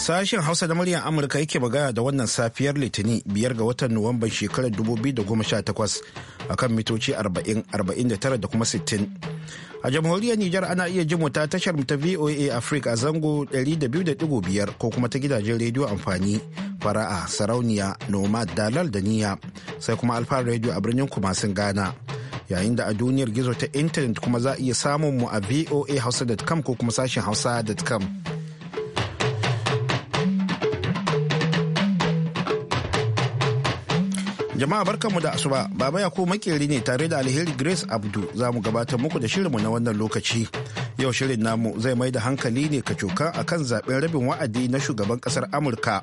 Sashen Hausa da muryar Amurka yake magana da wannan safiyar Litinin biyar ga watan Nuwamban shekarar 2018 kan mitoci 40-49 da kuma 60. A jamhuriyar Nijar ana iya jin ta tashar ta VOA Africa a zango 200.5 ko kuma ta gidajen rediyo amfani fara'a sarauniya nomad dalal da niya sai kuma alfa rediyo a birnin kumasin Ghana. yayin da a duniyar gizo ta intanet kuma za a iya samun mu a voa hausa.com ko kuma sashen hausa.com. Jama'a barkanmu da asuba, Baba Yakubu makeri ne tare da Alheri Grace Abdu za mu gabatar muku da shirinmu na wannan lokaci. Yau shirin namu zai mai da hankali ne ka kacokan a kan zaɓen rabin wa'adi na shugaban kasar Amurka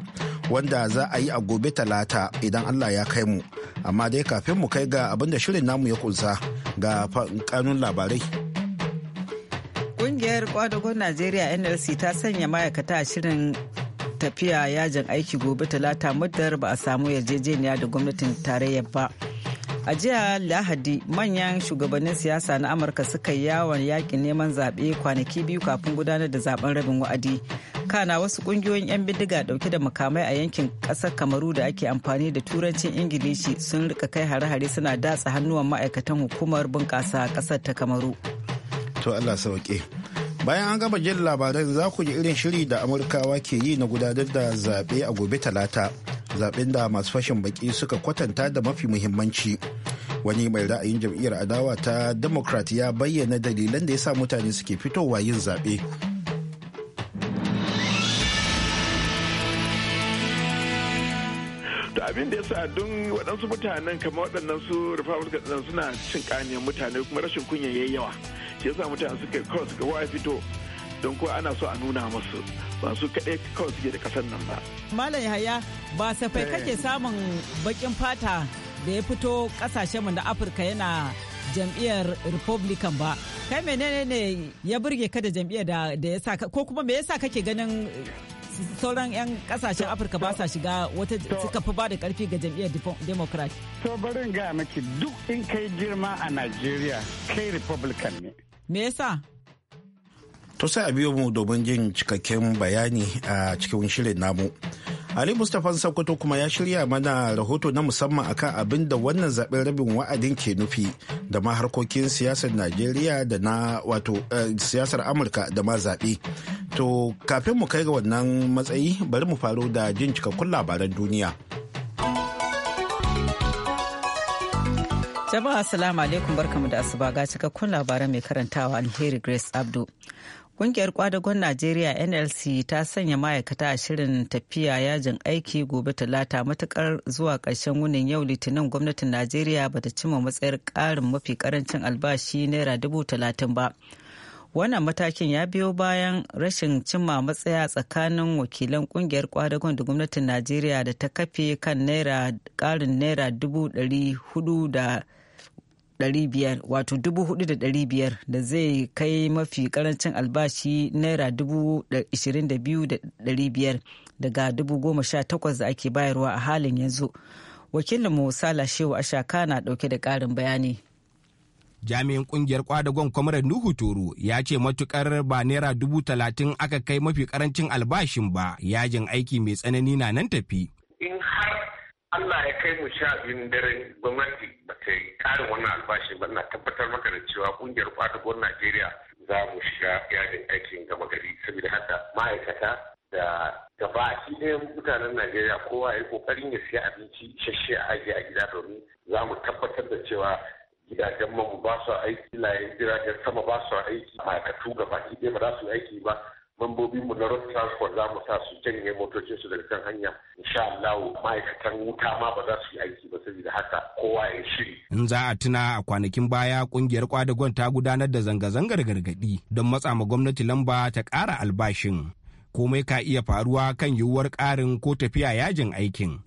wanda za a yi a gobe talata idan Allah ya kai mu. Amma dai kafin mu kai ga abin da shirin namu ya kunsa ga kanun labarai. Ƙungiyar kwadagon Najeriya NLC ta sanya ma'aikata a shirin tafiya yajin aiki gobe talata muddar ba a samu yarjejeniya da gwamnatin tarayyar ba a jiya lahadi manyan shugabannin siyasa na amurka suka yi yawon yakin neman zaɓe kwanaki biyu kafin gudanar da zaben rabin wa'adi kana wasu ƙungiyoyin 'yan bindiga ɗauke da makamai a yankin kasar kamaru da ake amfani da turancin ingilishi sun rika kai hare-hare suna datsa hannuwan ma'aikatan hukumar bunƙasa kasar ta kamaru to allah sauke bayan an gama jin labaran za ku ji irin shiri da amurkawa ke yi na gudanar da zaɓe a gobe talata zaɓen da masu fashin baki suka kwatanta da mafi muhimmanci wani mai ra'ayin jam'iyyar adawa ta democrat ya bayyana dalilan da ya sa mutane suke fitowa yin zaɓe to abin da ya sa don waɗansu mutanen kamar waɗannan su republican suna cin ƙaniyar mutane kuma rashin kunya yayi yawa shi yasa mutane suka kawai suka waya fito don kuwa ana so a nuna masu ba su kaɗai kawai suke da ƙasar nan ba. Malam Yahaya ba safai eh. kake samun baƙin fata da ya fito ƙasashen mu na Afirka yana jam'iyyar Republican ba. Kai menene ne ya burge ka da jam'iyyar da ya sa ko kuma me yasa kake ganin sauran 'yan kasashen afirka ba sa shiga wata suka fi ba da karfi ga jam'iyyar democrat to barin gaya miki duk in kai girma a nigeria kai republican ne me yasa to sai a biyo mu domin jin cikakken bayani a cikin shirin namu ali mustapha sokoto kuma ya shirya mana rahoto na musamman akan abin da wannan zaben rabin wa'adin ke nufi da ma harkokin siyasar najeriya da na wato eh, siyasar amurka da ma zaɓe to kafin mu kai ga wannan matsayi bari mu faro da jin cikakkun labaran duniya Jama'a salamu alaikum barkamu da asuba ga cikakkun labaran mai karantawa alheri Grace Abdu. Kungiyar kwadagon Najeriya NLC ta sanya ma'aikata a shirin tafiya yajin aiki gobe talata matukar zuwa ƙarshen wunin yau litinin gwamnatin Najeriya bata cimma matsayar ƙarin mafi ƙarancin albashi naira dubu talatin ba. wannan matakin ya biyo bayan rashin cimma matsaya tsakanin wakilan kungiyar kwadagon da gwamnatin najeriya da ta kafe kan naira karin naira dubu ɗari hudu da 500 wato 4,500 da zai kai mafi karancin albashi naira 22,500 daga 18,000 da ake bayarwa a halin yanzu Wakilin sala shewa ashaka na dauke da karin bayani jami'in kungiyar kwadagon kwamarar nuhu toro ya ce matukar ba naira dubu talatin aka kai mafi karancin albashin ba yajin aiki mai tsanani na nan tafi Allah ya kai mu sha biyun dare gwamnati ba ta yi Karin wannan albashi ba na tabbatar maka da cewa ƙungiyar kwadagon Najeriya za mu shiga yajin aikin gama gari saboda haka ma'aikata da gabaki ɗayan mutanen Najeriya kowa ya yi ƙoƙarin ya siya abinci shashe a ajiye a gida domin za mu tabbatar da cewa gidajen mu ba su aiki layin jiragen sama ba su aiki ma'aikatu gaba ɗaya ba za su yi aiki ba mambobinmu na road transport za mu sa su janye motocinsu daga kan hanya insha Allah ma'aikatan wuta ma ba za su yi aiki ba saboda haka kowa ya shiri. In za a tuna a kwanakin baya kungiyar kwadagon ta gudanar da zanga-zangar gargadi don matsa ma gwamnati lamba ta ƙara albashin. Komai ka iya faruwa kan yiwuwar ƙarin ko tafiya yajin aikin.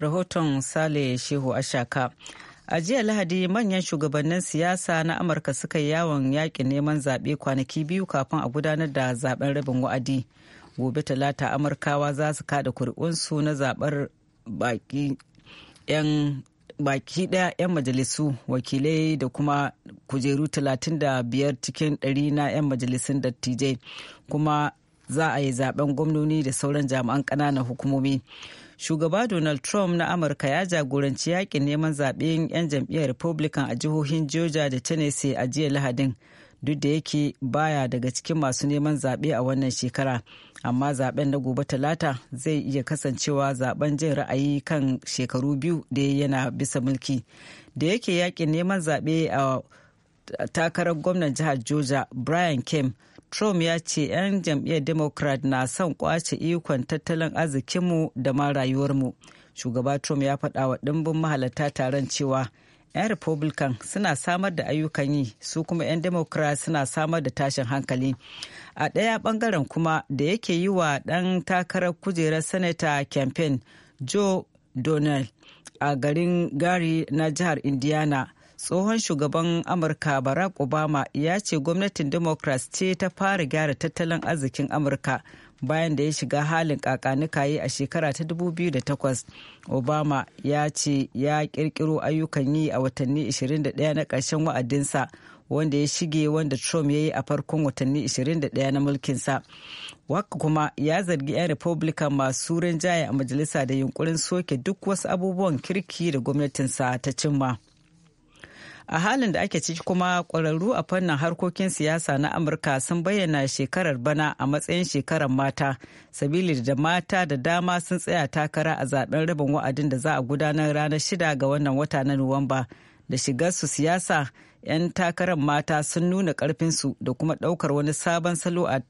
Rahoton Sale Shehu Ashaka. a jiya lahadi manyan shugabannin siyasa na amurka suka yi yawon yakin neman zaɓe kwanaki biyu kafin a gudanar da zaɓen rabin wa'adi gobe talata amurkawa za su kada kuri'unsu na zaɓar baki ɗaya 'yan majalisu wakilai da kuma kujeru 35 cikin 100 na 'yan majalisun dattijai kuma za a yi zaben gwamnoni da sauran jami'an ƙananan hukumomi shugaba donald trump na amurka ya jagoranci yakin neman zaɓen 'yan jam'iyyar republican a jihohin georgia da tennessee a jiya lahadin duk da yake baya daga cikin masu neman zaɓe a wannan shekara amma zaben na gobe talata zai iya kasancewa zaben jin ra'ayi kan shekaru biyu da yana bisa mulki da yake yakin neman zaɓe a takarar gwamnan jihar georgia brian kemp Trump ya ce 'yan jam'iyyar Democrat na son kwace ikon tattalin arzikinmu da ma rayuwarmu. Shugaba Trump ya faɗa wa ɗimbin mahalarta taron cewa 'yan Republican suna samar da ayyukan yi su kuma 'yan Democrat suna samar da tashin hankali. A ɗaya ɓangaren kuma da yake yi wa ɗan takarar kujerar Senator campaign Joe Donnell a garin gari na jihar Indiana. tsohon shugaban amurka barack obama ya ce gwamnatin democrats ce ta fara gyara tattalin arzikin amurka bayan da ya shiga halin yi a shekara ta 2008 obama ya ce ya kirkiro ayyukan yi a watanni 21 na ƙarshen wa'adinsa wanda ya shige wanda trump ya yi a farkon watanni 21 na mulkinsa waka kuma ya zargi 'yan republican masu rinjaye a majalisa da yunkurin soke duk wasu abubuwan kirki da gwamnatinsa ta cimma. a halin da ake ciki kuma ƙwararru a fannin harkokin siyasa na amurka sun bayyana shekarar bana a matsayin shekarar mata sabili da mata da dama sun tsaya takara a zaben rabin wa'adin da za a gudanar ranar shida ga wannan wata na nuwamba da su siyasa 'yan takarar mata sun nuna karfinsu da kuma ɗaukar wani sabon salo a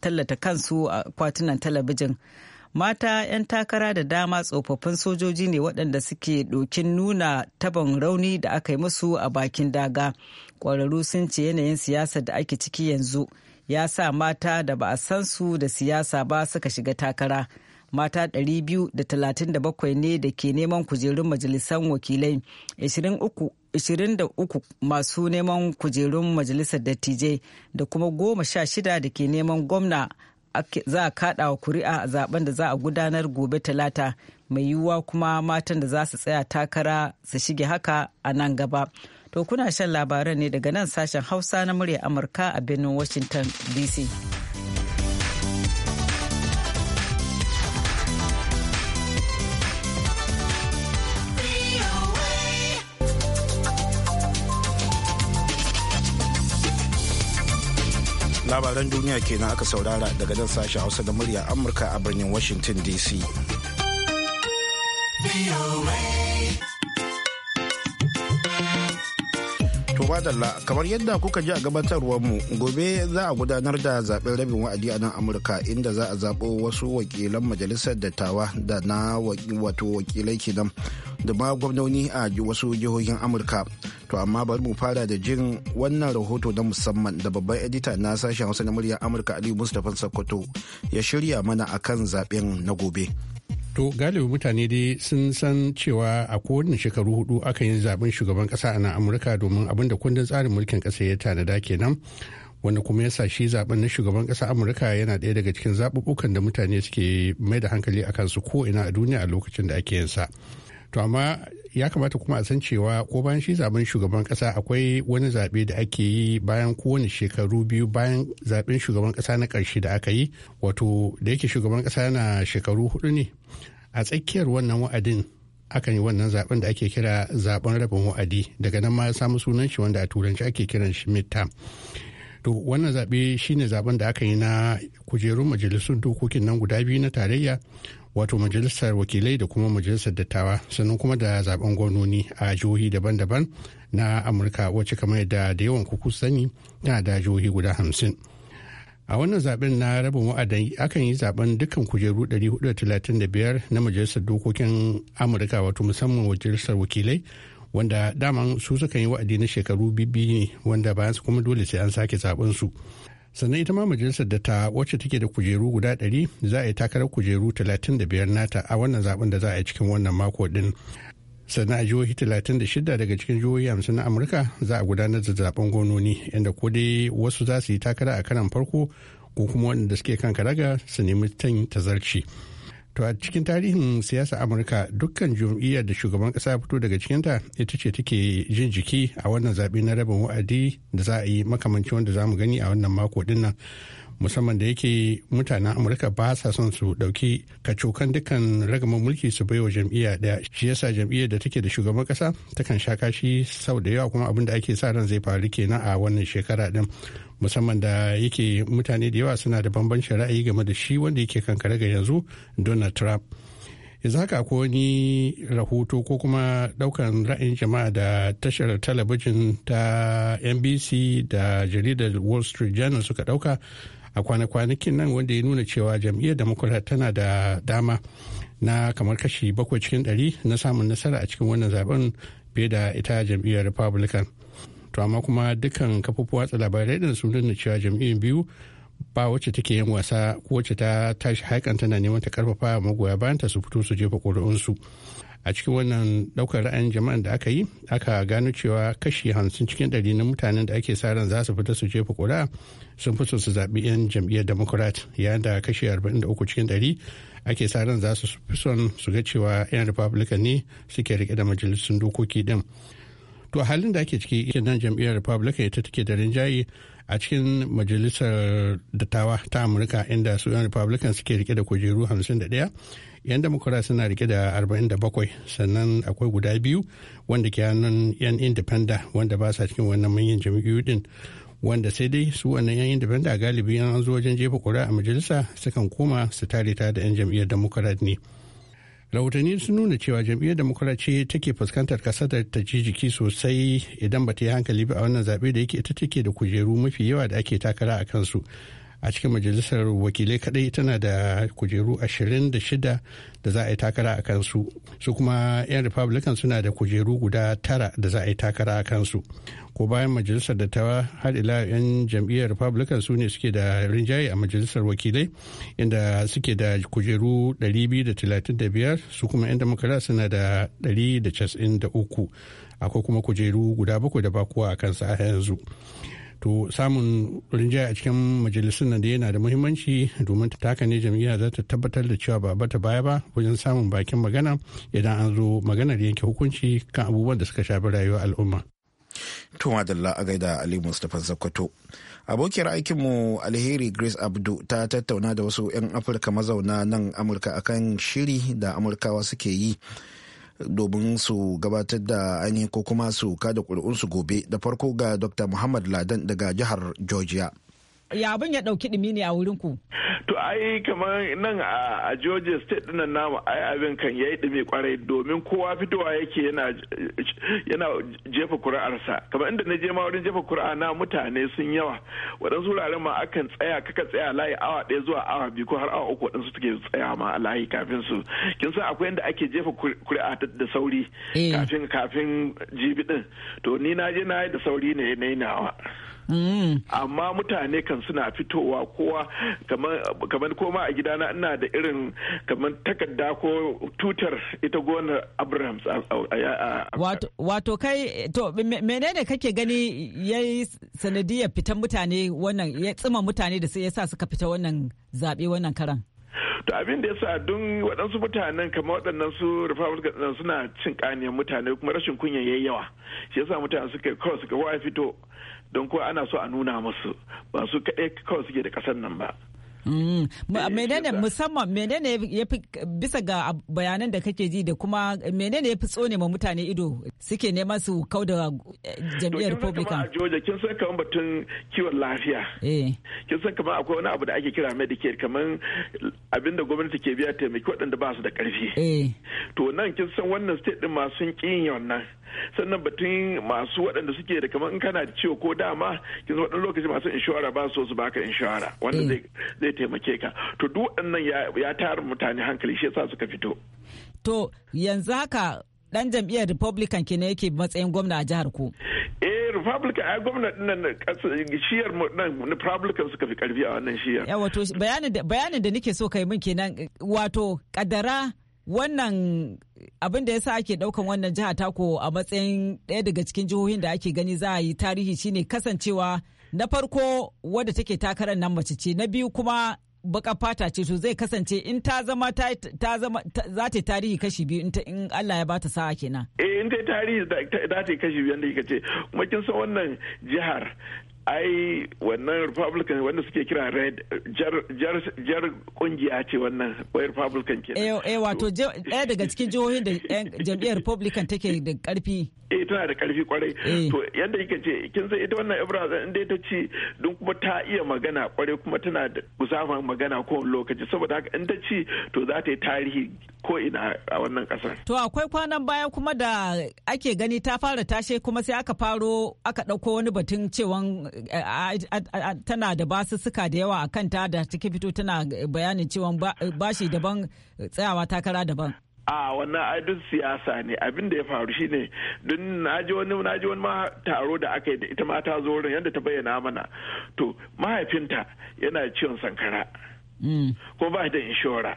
tallata kansu a kwatunan talabijin. mata 'yan takara da dama tsofaffin sojoji ne waɗanda suke ɗokin nuna taban rauni da aka yi musu a bakin daga ƙwararru sun ce yanayin siyasa da ake ciki yanzu ya sa mata da ba a san su da siyasa ba suka shiga takara mata 237 ne da ke neman kujerun majalisar wakilai 23 masu neman kujerun majalisar dattijai da kuma 16 da ke neman gwamna za a kada wa kuri'a a zaben da za a gudanar gobe talata mai yiwuwa kuma matan da za su tsaya takara su shige haka a nan gaba to kuna shan labaran ne daga nan sashen hausa na murya amurka a birnin washington dc labaran duniya kenan aka saurara daga nan sashen hausa da murya amurka a birnin washington dc madalla kamar yadda kuka ji a gabatarwar mu gobe za a gudanar da zaben rabin wa'adi a nan Amurka inda za a zaɓo wasu wakilan majalisar dattawa da na wato wakilai kenan da ma gwamnoni a wasu jihohin amurka to amma bari mu fara da jin wannan rahoto na musamman da babban edita na sashen hausa na muryar amurka ali mustapha sokoto ya shirya mana akan zaben na gobe to galibi mutane dai sun san cewa a kowane shekaru hudu aka yi zaben shugaban kasa a nan amurka domin abin da kundin tsarin mulkin kasa ya tanada kenan wanda kuma ya sa shi zaben na shugaban kasa amurka yana daya daga cikin zaɓuɓɓukan da mutane suke mai da hankali a kansu ko ina a duniya a lokacin da ake yin sa to amma ya kamata kuma a san cewa ko bayan shi zaben shugaban kasa akwai wani zaɓe da ake yi bayan kowane shekaru biyu bayan zaben shugaban kasa na ƙarshe da aka yi wato da yake shugaban kasa na shekaru hudu ne a tsakiyar wannan wa'adin akan yi wannan zaben da ake kira zaben rabin wa'adi daga nan ma ya samu sunan shi wanda a turanci ake kiran shi midterm to wannan zaɓe shine zaben da aka yi na kujerun majalisun dokokin nan guda biyu na tarayya wato majalisar wakilai da kuma majalisar dattawa sannan kuma da zaben gwamnoni a jihohi daban-daban na amurka wacce kamar yadda da yawan kuku sani na da jihohi guda hamsin a wannan zaben na rabin wa'adai akan yi zaben dukkan kujeru 435 na majalisar dokokin amurka wato musamman majalisar wakilai wanda daman su sukan yi wa'adi na shekaru bibbi ne wanda bayan su kuma dole sai an sake zaben su sannan ita ma majalisar da ta wacce take da kujeru guda 100 za a yi takarar kujeru 35 nata a wannan zaben da za a yi cikin wannan mako din sannan a jihohi 36 daga cikin jihohi 50 na amurka za a gudanar da zaben gononi inda ko dai wasu za su yi takara a karan farko ko kuma waɗanda suke kan karaga su nemi tan tazarci. to a cikin tarihin siyasa amurka dukkan jam'iyyar da shugaban kasa fito daga cikinta ita ce take jin jiki a wannan zaɓe na rabin wa'adi da za a yi makamanci wanda za mu gani a wannan mako din musamman da yake mutanen amurka ba sa son su ɗauki kacokan dukkan ragaman mulki su baiwa jam'iyya ɗaya shi yasa jam'iyyar da take da shugaban kasa takan sha kashi sau da yawa kuma abin da ake sa ran zai faru kenan a wannan shekara ɗin. musamman da yake mutane da yawa suna da bambancin ra'ayi game da shi wanda yake kankare ga yanzu donald trump yanzu haka akwai wani rahoto ko kuma daukan ra'ayin jama'a da tashar talabijin ta nbc da jaridar wall street journal suka dauka a kwana-kwanakin nan wanda ya nuna cewa jam'iyyar democrat tana da dama na kamar kashi bakwai cikin ɗari na samun nasara a cikin wannan zaben fiye da ita jam'iyyar republican to amma kuma dukkan kafofin watsa labarai din sun nuna cewa jam'iyyar biyu ba wacce take yin wasa ko wacce ta tashi haikan tana neman ta karfafa magoya bayan ta su fito su jefa ƙuri'unsu a cikin wannan ɗaukar ra'ayin jama'an da aka yi aka gano cewa kashi hamsin cikin ɗari na mutanen da ake sa ran za su fita su jefa ƙuri'a sun fi su zaɓi 'yan jam'iyyar democrat yayin da kashi uku cikin ɗari ake sa ran za su fi son su ga cewa 'yan republican ne suke rike da majalisun dokoki din to halin da ake ciki ita nan jam'iyyar republican ita take da rinjaye a cikin majalisar dattawa ta amurka inda su yan republican suke rike da kujeru 51 yan democrat suna rike da 47 sannan akwai guda biyu wanda ke hannun yan independent wanda ba sa cikin wannan manyan jam'iyyu din wanda sai dai su wannan yan independent galibi yan an zo wajen jefa kura a majalisa sukan koma su tare ta da yan jam'iyyar democrat ne rahotanni sun nuna cewa jam'iyyar demokura ce take fuskantar kasar da ta ji jiki sosai idan ba ta yi hankali ba a wannan zaɓe da yake ita take da kujeru mafi yawa da ake takara a kansu a cikin majalisar wakilai kadai tana da kujeru 26 da za a yi takara a kansu su kuma 'yan republican suna da kujeru guda tara da za a yi takara a kansu ko bayan majalisar da ta har ila 'yan jam'iyyar republican su ne suke da rinjaye a majalisar wakilai inda suke da kujeru 235 su kuma 'yan democrat suna da 193 akwai kuma kujeru guda bakwai da bakuwa a kansa a yanzu to samun rinjaya a cikin majalisun nan da yana da muhimmanci domin ta taka ne jam'iyya za ta tabbatar da cewa ba bata baya ba wajen samun bakin magana idan an zo maganar yanke hukunci kan abubuwan da suka shafi rayuwar al'umma. To madalla a gaida Ali Mustapha zakwato Abokiyar aikinmu Alheri Grace Abdu ta tattauna da wasu 'yan Afirka mazauna nan Amurka akan shiri da Amurkawa suke yi domin su gabatar da ainihin ko kuma su kada kuri'unsu gobe da farko ga dr muhammad ladan daga jihar georgia ya abin ya dauki dumi ne a wurin ku to ai kamar nan a Georgia state dinnan namu ai abin kan yayi dumi kwarai domin kowa fitowa yake yana yana jefa kuri'arsa kamar inda na je ma wurin jefa kuri'a na mutane sun yawa waɗansu wuraren ma akan tsaya kaka tsaya layi awa daya zuwa awa biyu ko har awa uku waɗansu suke tsaya ma a layi kafin su kin san akwai inda ake jefa kuri'a da sauri eh. kafin kafin jibi din to ni na je na yi da sauri ne na yi nawa amma mutane kan suna fitowa kowa kamar koma a gidana ina da irin kamar takarda ko tutar ita gonar abrahams wato kai to menene kake gani ya yi sanadiyar fitan mutane wannan ya tsima mutane da sai ya sa suka fita wannan zaɓe wannan karan to abin da sa don waɗansu mutanen kamar waɗannan su republican suna cin ƙaniyar mutane kuma rashin kunya yayi yawa shi sa mutane suka kawai suka wa fito don kuwa ana so a nuna musu ba su kaɗai kawai suke da ƙasar nan ba Mm. menene musamman menene ya fi bisa ga bayanan da kake ji da kuma menene ya fi tsone ma mutane ido suke neman su kau da eh, jam'iyyar republican to kin san kamar batun kiwon lafiya eh. kin san kamar akwai wani abu da ake kira medicare kamar abinda gwamnati ke biya taimaki waɗanda ba su da ƙarfi eh. to nan kin san wannan state din masu kin wannan sannan batun masu waɗanda suke da kamar in kana da ciwo ko dama kin san waɗannan lokaci masu inshora ba su su baka inshora wanda zai taimake ka to duk wannan ya tayar mutane hankali shi yasa suka fito to yanzu haka dan jam'iyyar republican kenan yake matsayin gwamna a jihar ku eh republican ai gwamna din nan shiyar mu nan republican suka fi karfi a wannan shiyar yawa to bayanin da bayanin da nake so kai min kenan wato kadara wannan abin da yasa ake daukan wannan jiha tako a matsayin ɗaya daga cikin jihohin da ake gani za a yi tarihi shine kasancewa na farko wadda take takarar nan mace ce na biyu kuma baka fata ce to zai kasance in ta zama ta zama za ta tarihi kashi biyu in Allah ya bata sa'a kenan eh in ta tarihi za ta kashi biyu da kika ce kuma kin san wannan jihar ai wannan republican wanda suke kira red jar kungiya ce wannan wai republican ke eh, eh wato ɗaya daga cikin jihohin da jam'iyyar republican take da karfi eh tana da karfi kwarai eh. to yanda yake ce kin san ita wannan ibra zan dai ta ci don kuma ta iya magana kwarai kuma tana da kusafan magana ko lokaci saboda haka in ta ci to za ta yi tarihi ko ina a wannan kasar. To akwai kwanan baya kuma da ake gani ta fara tashe kuma sai aka faro aka ɗauko wani batun cewa eh, tana da basussuka da yawa a kanta da take fito tana bayanin cewa bashi daban tsayawa takara daban. a wannan adun siyasa ne abin da ya faru shine don naji wani naji wani taro da aka yi da ita ma ta zo wurin yadda ta bayyana mana to mahaifinta yana ciwon sankara mm. ko ba da inshora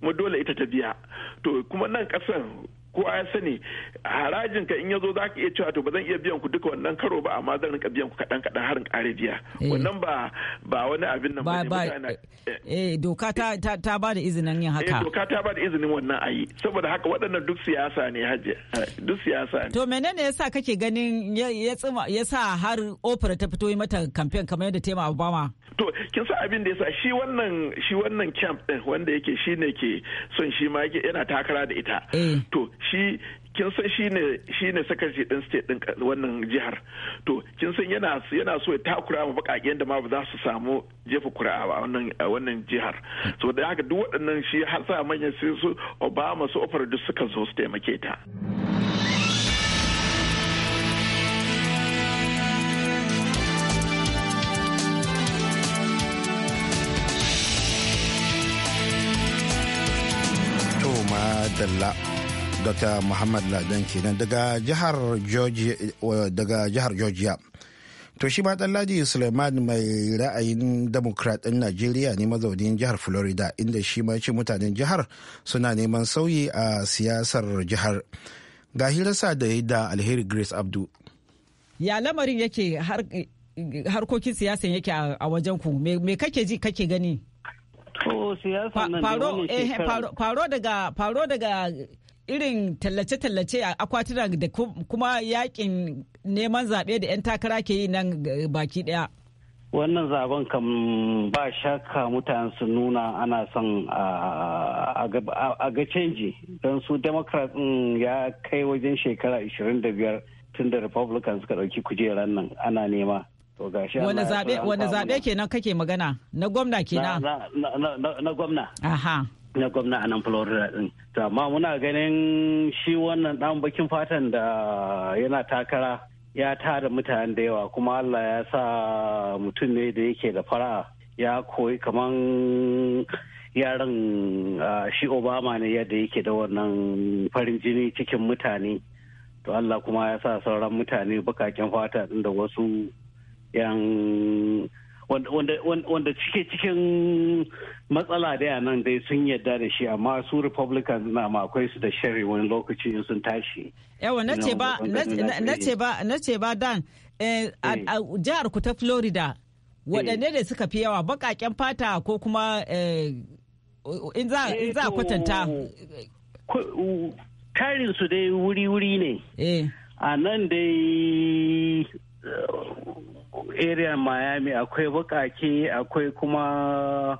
kuma dole ita ta biya to kuma nan kasan kowa ya sani harajin ka in yazo zaka iya cewa to ba zan iya biyan ku duka wannan karo ba amma zan rinka biyan ku kadan kadan harin kare biya eh. wannan ba ba wani abin nan ba eh doka ta ta ba da izinin yin haka eh doka ta ba da izinin wannan ayi saboda haka waɗannan duk siyasa ne haje eh, duk siyasa ne to menene yasa kake ganin ya tsima yasa har opera ta fito yi mata campaign kamar yadda tema Obama to kin sa abin da yasa shi wannan shi wannan camp din wanda yake shine ke son shi ma yana takara da ita eh. to shi kin san shine shine sakarci din state din wannan jihar to kin san yana yana so ya takura ma bakaken da ma ba za su samu jefa kuri'a a wannan wannan jihar so da haka duk waɗannan shi har sa manyan sai su Obama su ofar duk suka zo su taimake ta Dalla dr muhammad Laden kenan daga jihar georgia to shi ma ladi suleiman mai ra'ayin democrat ɗin najeriya ne mazaunin jihar florida inda shi ma ce mutanen jihar suna neman sauyi a siyasar jihar ga hirarsa da ya da alheri grace abdu ya lamarin yake harkokin siyasan yake a wajen ku me kake ji kake gani eh, faro daga faro daga irin tallace-tallace a akwatuna da kuma yakin neman zaɓe da 'yan takara ke yi nan baki ɗaya. wannan zaben kam ba shakka mutane su nuna ana son a ga canji don su democrat ya kai wajen shekara 25 tun da republican suka ɗauki kujerar nan ana nema To gashi Wani zaɓe wani zaɓe kenan kake magana na gwamna kenan. Na gwamna. Aha. Na gwamna a nan Florida din. To amma muna ganin shi wannan ɗan bakin fatan da yana takara ya tara mutane da yawa kuma Allah ya sa mutum ne da yake da fara'a ya koyi kaman yaran shi Obama ne yadda yake da wannan farin jini cikin mutane. To Allah kuma ya sa sauran mutane bakakin fata da wasu yan wanda cike cikin matsala da nan dai sun yadda da shi amma su republicans na akwai su da shari wani lokaci in sun tashi yawa na ce ba dan eh, eh. a jihar ku ta florida eh. waɗanne ne suka fi yawa bakaken fata ko kuma in za za kwatanta tarin su dai wuri-wuri ne a nan dai area miami akwai bukake akwai kuma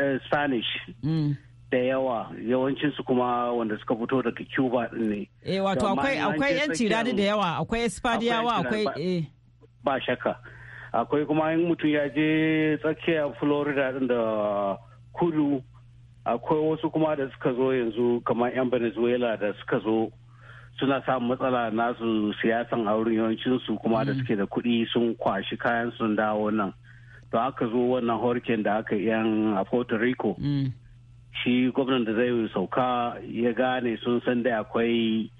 eh, spanish hmm. da yawa yawancinsu kuma wanda suka fito daga cuba din ne eh wato akwai akwai yan tirani da yawa akwai espaniyawa akwai eh ba shakka akwai kuma in mutum ya je tsakiya florida din da kudu akwai wasu kuma da suka zo yanzu kamar yan venezuela da suka zo suna samun matsala nasu siyasan auren yawancinsu kuma da mm. suke da kuɗi sun kwashi kayan sun dawo nan to aka zo wannan hurricane da aka yan a puerto rico mm. shi gwamnan da zai sauka ya gane sun san da akwai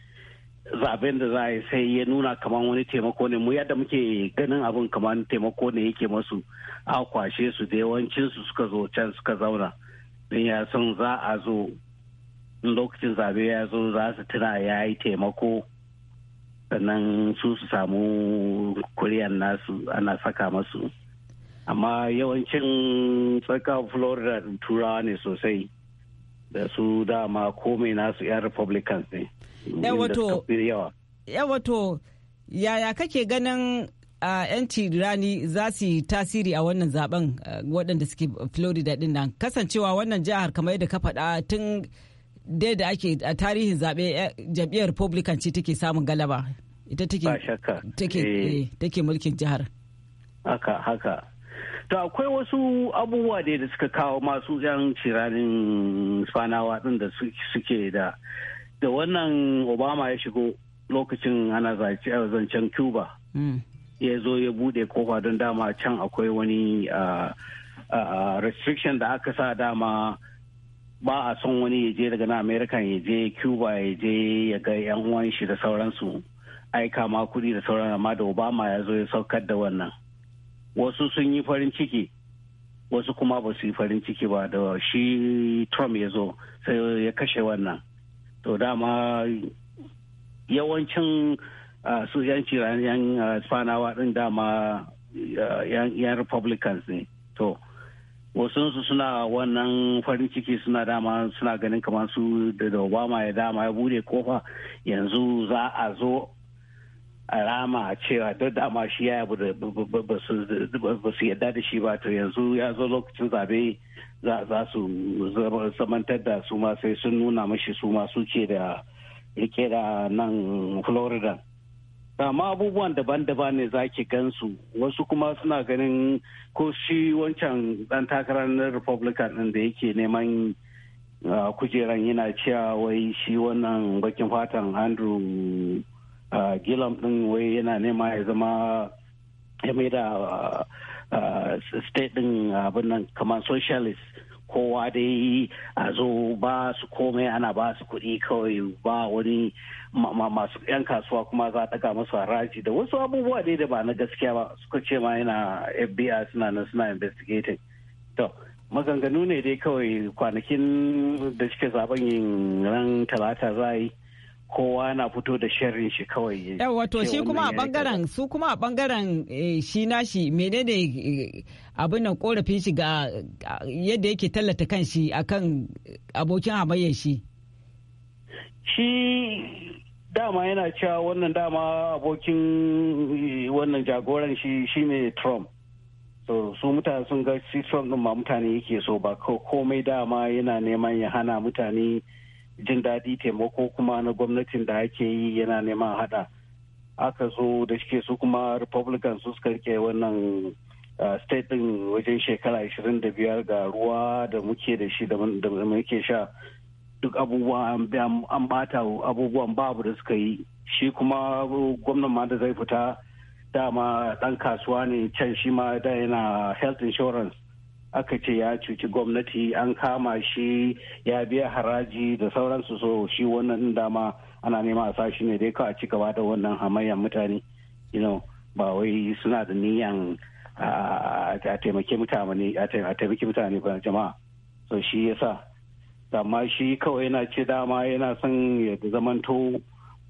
zaben da za a yi sai ya nuna kamar wani taimako ne mu yadda muke ganin abin kamar taimako ne yake masu a kwashe su da yawancinsu suka zo can suka zauna don ya san za a zo lokacin zabe ya zo za su tuna ya yi taimako sannan su su samu kuriyan nasu ana saka masu amma yawancin tsaka florida turawa ne sosai da su dama komai nasu 'yan republicans ne yawato eh, eh, yaya kake ganin a 'yan tirani za su yi tasiri a wannan zaben waɗanda suke florida din nan kasancewa wannan jihar kamar yadda ka faɗa tun dai da ake a tarihin zaɓe eh, jam'iyyar republican ce take samun galaba ita eh. Eh, take mulkin jihar haka haka to akwai wasu abubuwa ne da suka kawo masu yan ciranin spanawa din da suke da da wannan obama ya shigo lokacin ana zancen cuba mm. ya zo ya bude kofa don dama can akwai wani ah, ah, ah, restriction da aka sa dama ba a son wani ya je daga na america ya je cuba ya je ya ga yan uwan shi da sauransu aika ma kudi da sauran amma da obama ya zo ya saukar da wannan wasu sun yi farin ciki wasu kuma ba su yi farin ciki ba da shi trump ya zo sai ya kashe wannan to dama yawancin su yanci yan spanawa din dama yan republicans ne to su suna wannan farin ciki suna dama suna ganin kamar su da obama ya dama ya bude kofa yanzu za a zo a rama cewa da dama shi ya yabu da ba su yadda da shi ba to yanzu ya zo lokacin zabe za su zamantar da su ma sai sun nuna mashi su ma suke da rike da nan florida amma abubuwan daban-daban ne za ki gansu wasu kuma suna ganin ko shi wancan dan takarar na republican din da yake neman ah, kujeran yana cewa wai shi wannan bakin fatan andrew ah, gillam din wai yana nema ya zama ya mai da ah, state din abin nan kamar socialist kowa dai a zo ba su komai ana ba su kuɗi kawai ba wani masu yan kasuwa kuma za a ɗaga masu haraji da wasu abubuwa dai da ba na gaskiya ba suka ce ma yana fbi suna nan suna investigating to maganganu ne dai kawai kwanakin da suke zaben yin ran talata za yi kowa na fito da sharrin shi kawai ya wato shi kuma a bangaren su kuma a bangaren eh, shi nashi menene eh, abin nan korafin shi ga yadda yake tallata kan shi akan abokin hamayyar shi shi dama yana cewa wannan dama abokin eh, wannan jagoran shi shine trump so su mutane sun ga shi trump ma mutane yake so ba komai dama yana neman ya hana mutane jin daɗi taimako kuma na gwamnatin da ake yi yana neman hada aka zo da shike su kuma republican su suka rike wannan ah, state din wajen shekara 25 ga ruwa da muke da shi da muke sha duk abubuwa an bata abubuwan babu da suka yi shi kuma gwamnan ma da zai fita dama dan kasuwa ne can shi ma da yana health insurance aka ce ya cuci gwamnati an kama shi ya biya haraji da sauransu so shi wannan dama ana nema a sashi ne dai kawai ci gaba da wannan hamayyar mutane you know ba wai suna da niyan a taimake mutane a taimake jama'a so shi yasa amma shi kawai yana ce dama yana son ya zamanto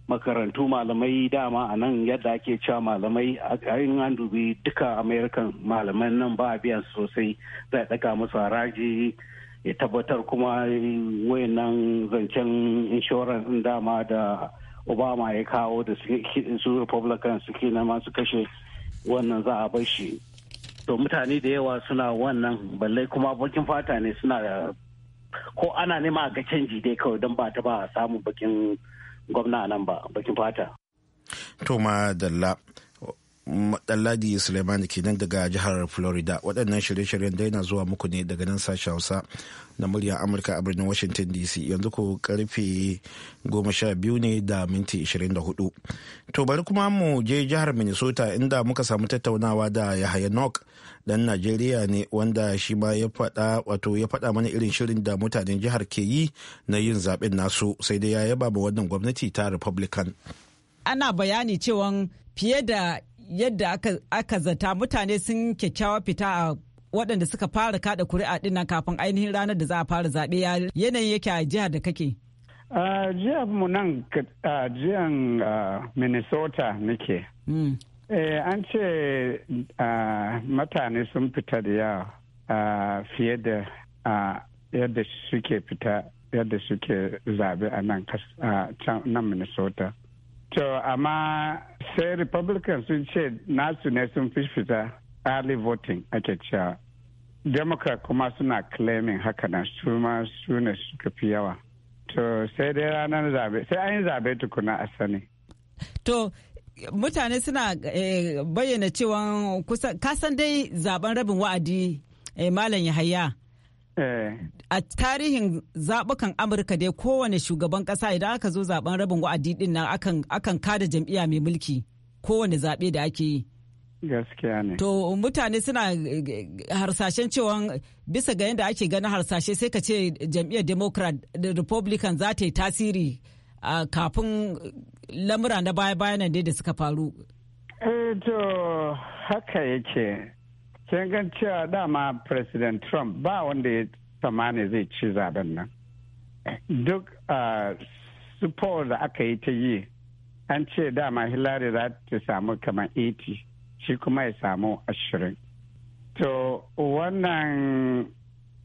makarantu malamai dama a nan yadda ake cewa malamai a yin an dubi duka amerikan malaman nan ba a biyan sosai zai daga musu haraji ya tabbatar kuma wayannan zancen inshoran dama da obama ya kawo da su republican suke na masu kashe wannan za a bar shi to mutane da yawa suna wannan balle kuma bakin fata ne suna ko ana nema ga canji dai kawai don ba ta ba samun bakin gwamna nan ba bakin fata. To Dalla. Ɗanladi Suleiman kenan daga jihar Florida. Waɗannan shirye-shiryen daina zuwa muku ne daga nan sashen Hausa na muryar Amurka a birnin Washington DC. Yanzu ko karfe goma sha biyu ne da minti ishirin da hudu. To bari kuma mu je jihar Minnesota inda muka samu tattaunawa da Yahaya Nok dan Najeriya ne wanda shi ma ya faɗa wato ya faɗa mana irin shirin da mutanen jihar ke yi na yin zaɓen nasu sai dai ya yaba wannan gwamnati ta Republican. Ana bayani cewa fiye da yadda aka zata mutane sun kyakkyawa fita a waɗanda suka fara kaɗa kuri'a dinnan kafin ainihin ranar da za a fara zaɓe yanayin yake a jihar da kake? jihar mu nan a jihar minnesota nake hmm. eh, an ce mutane sun fita da yawa fiye da yadda suke fita yadda suke zaɓe a nan minnesota To amma sai republicans sun ce nasu ne sun fifita early voting ake cewa. Democrat kuma suna claiming haka na su ma su ne suka fi yawa. To sai dai ranar zabe sai an yi zabe tukuna a sani. To mutane suna eh, bayyana cewa kusan kasan dai zaben rabin wa'adi eh, malam Yahaya. Eh. A tarihin zaɓukan Amurka dai kowane shugaban ƙasa idan aka zo zaben rabin wa'adi din nan akan kada jam'iyya mai mulki kowane zaɓe da ake yi. Gaskiya ne. To mutane suna eh, harsashen cewa bisa ga yadda ake ganin harsashe sai ka ce jam'iyyar Democrat da Republican za ta yi tasiri kafin lamura na baya-bayan da suka faru. Eh to haka yake. sai gan cewa dama president trump ba wanda ya tsammani zai ci zaben nan duk support da aka yi ta yi an ce dama hillary za ta samu kamar 80 shi kuma ya samu 20 to wannan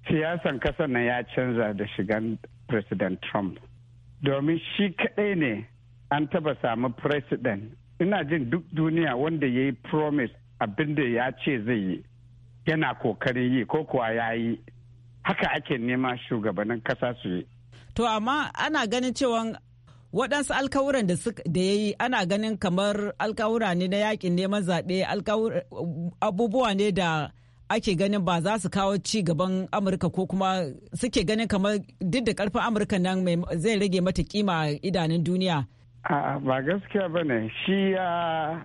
siyasan kasar nan ya canza da shigan president trump domin shi kadai ne an taba samu president ina jin duk duniya wanda ya yi promise abin ya ce zai yi yana kokarin yi ko kuwa ya yi haka ake nema shugabannin kasa su yi to amma ana ganin cewa waɗansu alkawuran da da ya yi ana ganin kamar alkawura ne na yakin neman zaɓe abubuwa ne da ake ganin ba za su kawo ci gaban amurka ko kuma suke ganin kamar duk da ƙarfin amurka nan zai rage mata kima idanun duniya A'a ba gaskiya ba ne shi ya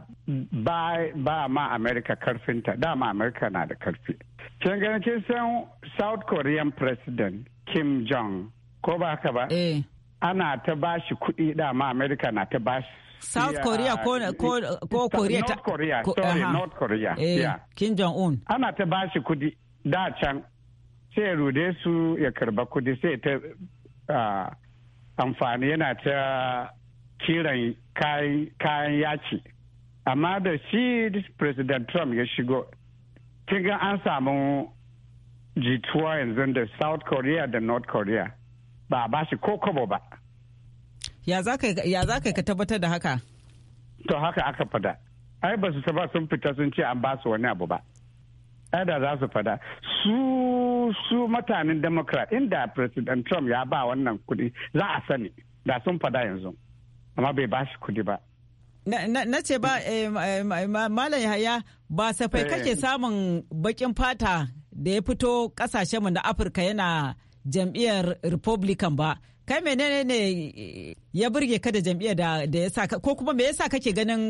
ba ma Amerika karfinta dama Amerika na da karfi. Can gani kin san South Korean President Kim Jong ko ba haka ba? Eh. Ana ta bashi kuɗi dama Amerika na ta bashi South Korea ko Korea ta North Korea sorry North Korea eh, Kim Jong Un ana ta bashi kudi da can sai rude su ya karba kudi sai ta ah, amfani yana ta kiran kayan yaci amma da shi president trump ya shigo kinga an samu jituwa yanzu da south korea da north korea ba ba shi ko kobo ba ya za ka ka tabbatar da haka to haka aka fada ai ba su taba sun fita sun ce an ba su wani abu ba ai da za su fada su su mutanen democrat inda president trump ya ba wannan kudi za a sani da sun fada yanzu amma bai ba su kudi ba na ce ba eh, eh, malam yahaya ba safai eh. kake samun bakin fata da ya fito kasashe mu na afirka yana jam'iyyar republican ba kai menene ne ya burge ka da jam'iyyar da ya sa ko kuma me yasa kake ganin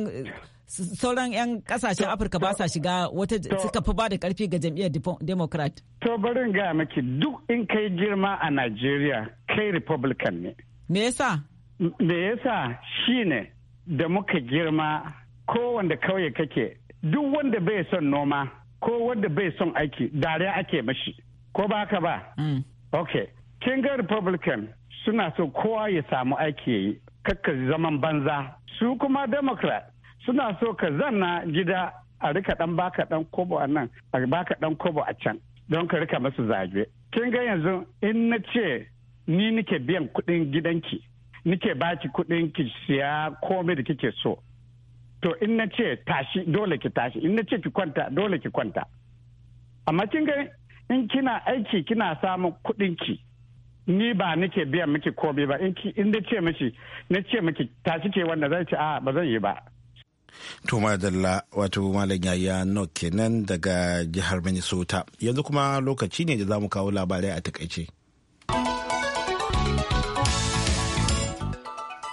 sauran 'yan kasashen afirka ba sa shiga wata suka fi ba da karfi ga jam'iyyar democrat to barin gaya maki duk in kai girma a nigeria kai republican ne me yasa Me yasa shine da muka girma kowanda kauye kake duk wanda bai son noma ko wanda bai son aiki dare ake mashi ko ba ka ba. Mm. Ok, kin ga Republican suna so kowa ya samu aiki yayi yi kakka zaman banza su kuma Democrat suna so ka zanna gida a rika dan baka dan kobo a nan a baka dan kobo a can don ka rika masu zage. Kin ga yanzu in na ce ni nike biyan kuɗin gidanki nike baki kuɗin ki siya komai da kike so to in na ce tashi dole ki tashi in na ce ki kwanta dole ki kwanta amma kin ga in kina aiki kina samun kuɗin ki ni ba nike biyan miki komai ba in in na ce miki na ce miki tashi ke wanda zai ce a ah, ba zan yi ba to madalla wato malam yaya no kenan daga jihar minnesota yanzu kuma lokaci ne da zamu kawo labarai a takaice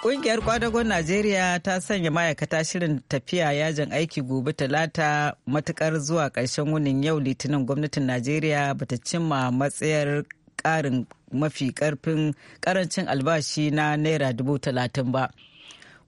Ƙungiyar kwadagon Najeriya ta sanya ma'aikata shirin tafiya yajin aiki gobe talata matukar zuwa ƙarshen wunin yau litinin gwamnatin Najeriya bata cimma matsayar ƙarin mafi ƙarfin ƙarancin albashi na naira dubu talatin ba.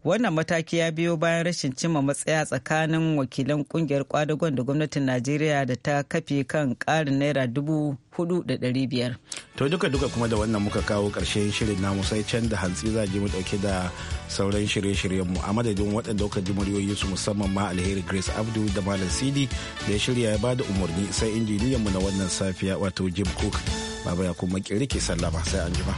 wannan mataki ya biyo bayan rashin cimma matsaya tsakanin wakilan kungiyar kwadagon da gwamnatin najeriya da ta kafe kan karin naira dubu hudu da dari biyar to duka duka kuma da wannan muka kawo karshen shirin namu sai can da hantsi za mu dauke da sauran shirye-shiryen mu a madadin waɗanda kuka ji muryoyin su musamman ma alheri grace abdu da malam sidi da ya shirya ya bada umarni sai injiniyan mu na wannan safiya wato jim cook baba ya kuma kirki sallama sai anjima.